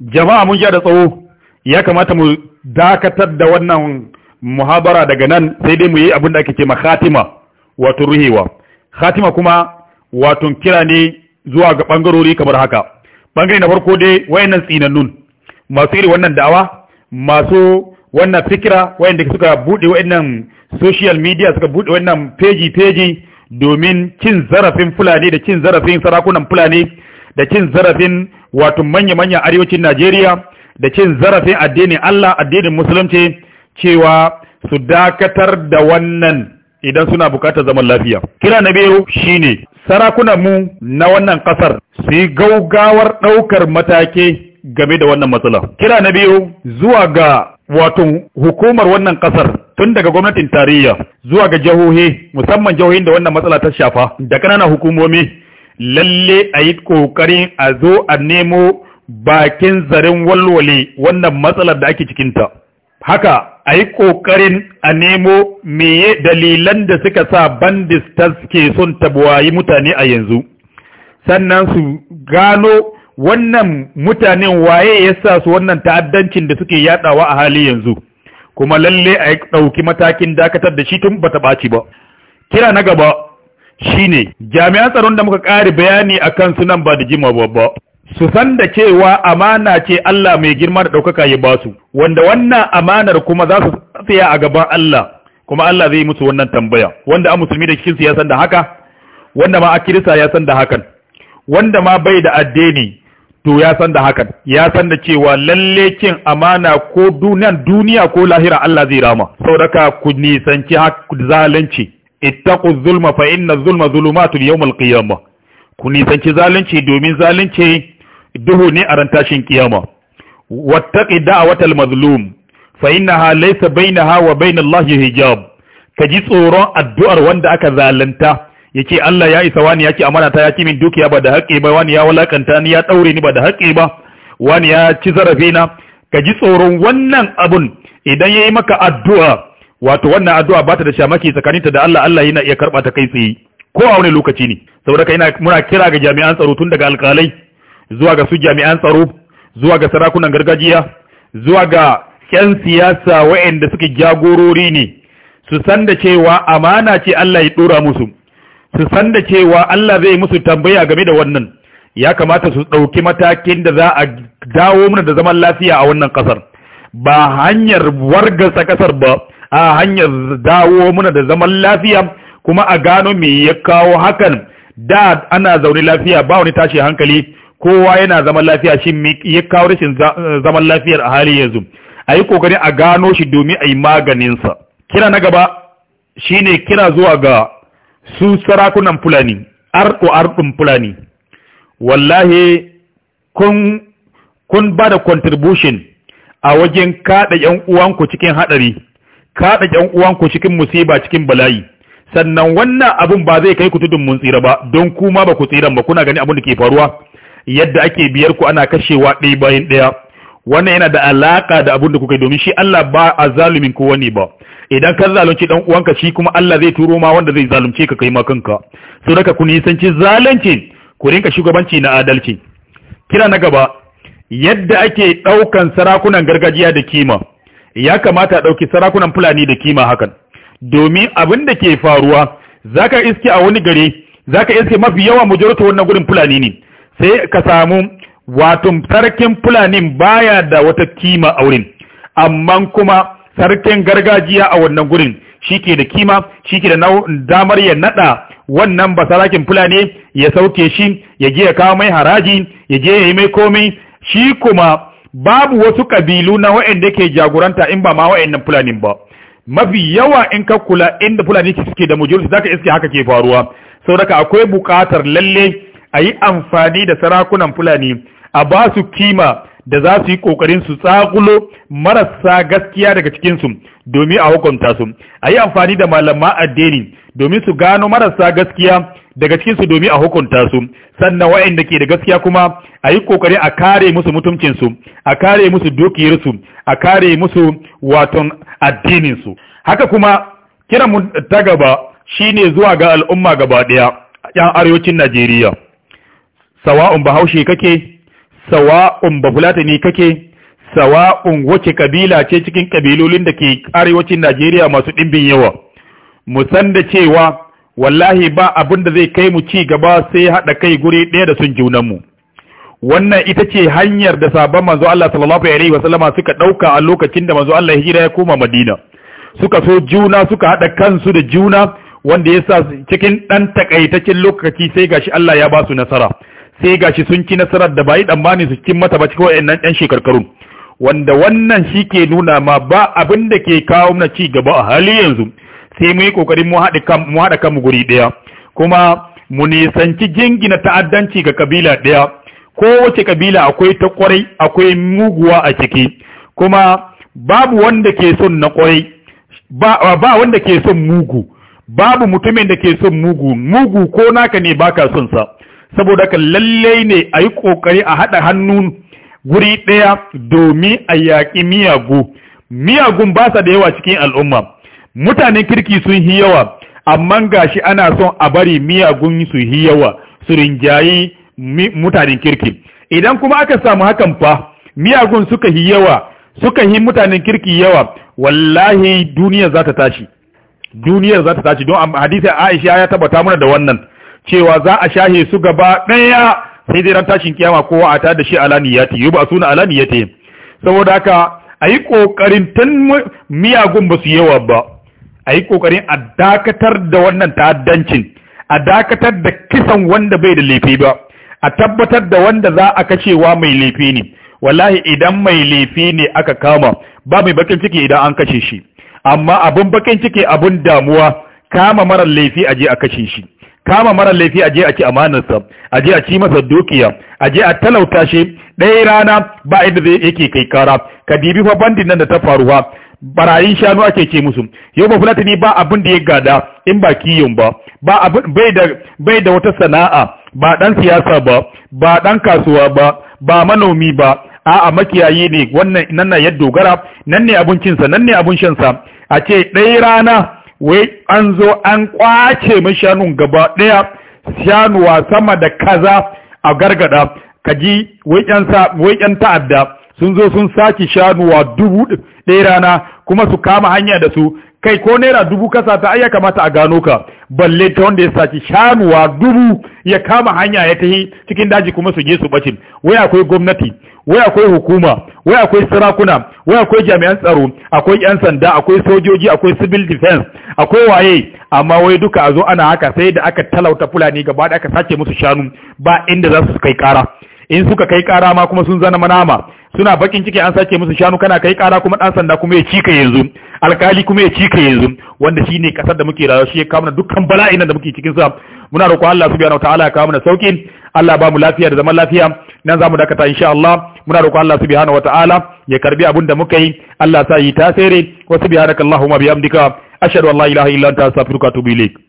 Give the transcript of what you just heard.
jama'a mun ja da tsawo ya kamata mu dakatar da wannan muhabara daga nan sai dai mu yi abin da ake ce ma khatima wato ruhewa khatima kuma wato kira ne zuwa ga bangarori kamar haka bangare na farko dai wayannan tsinannun masu iri wannan da'awa masu wannan fikira wayanda suka bude wayannan social media suka bude wayannan peji peji domin cin zarafin fulani da cin zarafin sarakunan fulani da cin zarafin wato manya-manya arewacin Najeriya da cin zarafin addinin Allah addinin musulunci cewa su dakatar da wannan idan suna bukatar zaman lafiya kira na biyu shine sarakunan mu na wannan kasar su yi gaugawar ɗaukar matake game da wannan matsala kira na biyu zuwa ga wato hukumar wannan kasar tun daga gwamnatin tarayya zuwa ga jihohi musamman jihohin da wannan matsala ta shafa da kananan hukumomi lalle a yi ƙoƙarin a zo a nemo bakin zaren walwale wannan matsalar da ake cikinta haka a yi ƙoƙarin a nemo meye dalilan da suka sa bandis ke son tabuwayi mutane a yanzu sannan su gano wannan mutanen waye ya sa su wannan ta'addancin da suke yadawa a hali yanzu kuma lalle a yi ɗauki matakin dakatar da shi tun bata ɓaci ba kira na gaba shine jami'an tsaron da muka ƙari bayani a kan sunan ba da jima babba su san da cewa amana ce Allah mai girma da ɗaukaka ya ba su wanda wannan amanar kuma za su tsaya a gaban Allah kuma Allah zai musu wannan tambaya wanda a musulmi da cikinsu ya san da haka wanda ma a kirista ya san da hakan wanda ma bai da addini to ya san da hakan ya san da cewa lalle cin amana ko duniya ko lahira Allah zai rama saboda ku nisanci zalunci ittaqu zulma fa inna zulma zulumatun yawmal qiyamah ku nisanci zalunci domin zalunci duhu ne a ran tashin kiyama wattaqi da'watal mazlum fa innaha laysa bainaha wa bainallahi hijab ka ji tsoron addu'ar wanda aka zalunta yace Allah ya isa wani yake amana ta yake min dukiya ba da haƙƙi ba wani ya walakanta ni ya daure ni ba da haƙƙi ba wani ya ci zarafina ka ji tsoron wannan abun idan yayi maka addu'a wato wannan addu'a ba ta da shamaki tsakaninta da Allah Allah yana iya karba ta kai tsaye ko a wani lokaci ne saboda kai muna kira ga jami'an tsaro tun daga alƙalai zuwa ga su jami'an tsaro zuwa ga sarakunan gargajiya zuwa ga ƴan siyasa waɗanda suke jagorori ne su san da cewa amana ce Allah ya dora musu su san da cewa Allah zai musu tambaya game da wannan ya kamata su ɗauki matakin da za a dawo mana da zaman lafiya a wannan ƙasar ba hanyar wargasa ƙasar ba a hanyar dawo muna da zaman lafiya kuma a gano me ya kawo hakan da ana zaune lafiya ba wani tashi hankali kowa yana zaman lafiya shi me ya kawo rashin zaman lafiyar a hali yanzu a yi kokari a gano shi domin a yi maganinsa kira na gaba shine kira zuwa ga su sarakunan fulani arɗo arɗin fulani wallahi kun kun ba da contribution a wajen kaɗa ƴan uwanku cikin haɗari. kaɗa ƴan uwanku cikin musiba cikin bala'i sannan wannan abun ba zai kai ku tudun mun tsira ba don kuma ba ku tsira ba kuna gani abun da ke faruwa yadda ake biyar ku ana kashewa ɗaya bayan ɗaya wannan yana da alaka da abun da kuka yi domin shi Allah ba a zalumin ko wani ba idan ka zalunci dan uwanka shi kuma Allah zai turo ma wanda zai zalunce ka kai ma kanka so daga ku nisanci zalunci ku rinka shugabanci na adalci kira na gaba yadda ake ɗaukan sarakunan gargajiya da kima ya kamata a ɗauki sarakunan fulani da kima hakan domin abin da ke faruwa zaka iske a wani gari zaka iske mafi yawa mujarrata wannan gurin fulani ne sai ka samu wato sarkin fulani baya da wata kima a wurin amma kuma sarkin gargajiya a wannan gurin shike da kima shike da damar ya naɗa wannan ba sarakin fulani ya sauke shi ya je ya kawo mai haraji ya je ya yi mai komai shi kuma babu wasu kabilu na waɗanda ke jagoranta in ba ma waɗannan fulani ba mafi yawa in ka kula inda fulani suke da za zaka iske haka ke faruwa saboda akwai bukatar lalle a yi amfani da sarakunan fulani a ba su kima da za su yi ƙoƙarin su tsagulo marasa gaskiya daga cikinsu domin a hukunta su a yi amfani da malama addini domin su gano marasa gaskiya daga cikin su domin a hukunta su sannan wayanda ke da gaskiya kuma a yi kokari a kare musu mutuncinsu a kare musu dukiyarsu a kare musu waton addininsu. haka kuma kiran mu ta gaba shine zuwa ga al'umma gaba daya yan arewacin Najeriya sawa'un bahaushe kake sawa'un bafulatani kake sawa'un wace kabila ce cikin kabilolin da ke arewacin Najeriya masu ɗimbin yawa mu san da cewa wallahi ba abin da zai kai mu ci gaba sai haɗa kai guri ɗaya da sun junanmu wannan ita ce hanyar da sabon manzo Allah sallallahu alaihi wa sallama suka ɗauka a lokacin da manzo Allah hijira ya koma Madina suka so juna suka haɗa kansu da juna wanda ya sa cikin ɗan takaitaccen lokaci sai gashi Allah ya ba su nasara sai gashi sun ci nasarar da ba yi bani su cikin mata ba cikin wayannan ɗan shekarkarun wanda wannan shi ke nuna ma ba abin da ke kawo na ci gaba a hali yanzu sai mu yi kokari mu haɗa kanmu guri ɗaya kuma mu nisanci jingina ta'addanci ga kabila ɗaya kowace kabila akwai ta kwarai akwai muguwa a ciki kuma babu wanda ke son na ƙwarai ba, ba wanda ke son mugu babu mutumin da ke son mugu mugu ko naka ne baka son sa saboda ka lallai ne a yi kokari a haɗa hannu guri ɗaya domin a yaƙi miyagu miyagun ba sa da yawa cikin al'umma mutanen kirki sun hi yawa amma gashi ana son a bari miyagun su hi yawa su rinjayi mutanen kirki idan kuma aka samu hakan fa miyagun suka hi yawa suka hi mutanen kirki yawa wallahi duniyar za ta tashi duniyar za ta tashi don hadisi Aisha ya tabbata mana da wannan cewa za a shahe su gaba ɗaya, sai dai ran tashin kiyama kowa a tada shi alaniyati a suna alaniyati saboda haka a yi ƙoƙarin tun miyagun ba su yawa ba a yi ƙoƙarin a dakatar da wannan ta'addancin a dakatar da kisan wanda bai da laifi ba a tabbatar da wanda za a kashewa mai laifi ne wallahi idan mai laifi ne aka kama ba mai bakin ciki idan an kashe shi amma abun bakin ciki abun damuwa kama mara laifi a je a kashe shi kama mara laifi a je a ci amanarsa a je a ci masa dukiya a je a talauta shi ɗaya rana ba inda zai yake kai kara ka dibi fa bandin nan da ta faruwa barayin shanu ake ce musu yau ba fulatani ba abin da ya gada in ba kiyon ba ba bai da bai da wata sana'a ba dan siyasa ba ba dan kasuwa ba ba manomi ba a'a makiyayi ne wannan nan na ya dogara nan ne sa nan ne shan shansa a ce ɗaya rana wai an zo an kwace mai shanun gaba ɗaya shanuwa sama da kaza a gargada kaji wai yan ta'adda sun zo sun sace shanuwa dubu ɗaya rana kuma su kama hanya da su kai ko naira dubu kasa ta ai kamata a gano ka balle ta wanda ya sace shanuwa dubu ya kama hanya ya tahi cikin daji kuma su je su bacin wai akwai gwamnati wai akwai hukuma wai akwai sarakuna wai akwai jami'an tsaro akwai yan sanda akwai sojoji akwai civil defense akwai waye amma wai duka a zo ana haka sai da aka talauta fulani gaba da aka sace musu shanu ba inda za su kai kara in suka kai kara ma kuma sun zana manama suna bakin ciki an sace musu shanu kana kai kara kuma dan sanda kuma ya cika yanzu alkali kuma ya cika yanzu wanda shine kasar da muke rayuwa shi ya kawo mana dukkan bala'in da muke cikin sa muna roƙo Allah subhanahu wataala ya kawo mana sauki Allah ba mu lafiya da zaman lafiya nan zamu dakata insha Allah muna roƙo Allah subhanahu wataala ya karbi abun da muka yi Allah sa yi tasiri wa subhanakallahumma bihamdika ashhadu an la ilaha illa anta astaghfiruka wa atubu ilaik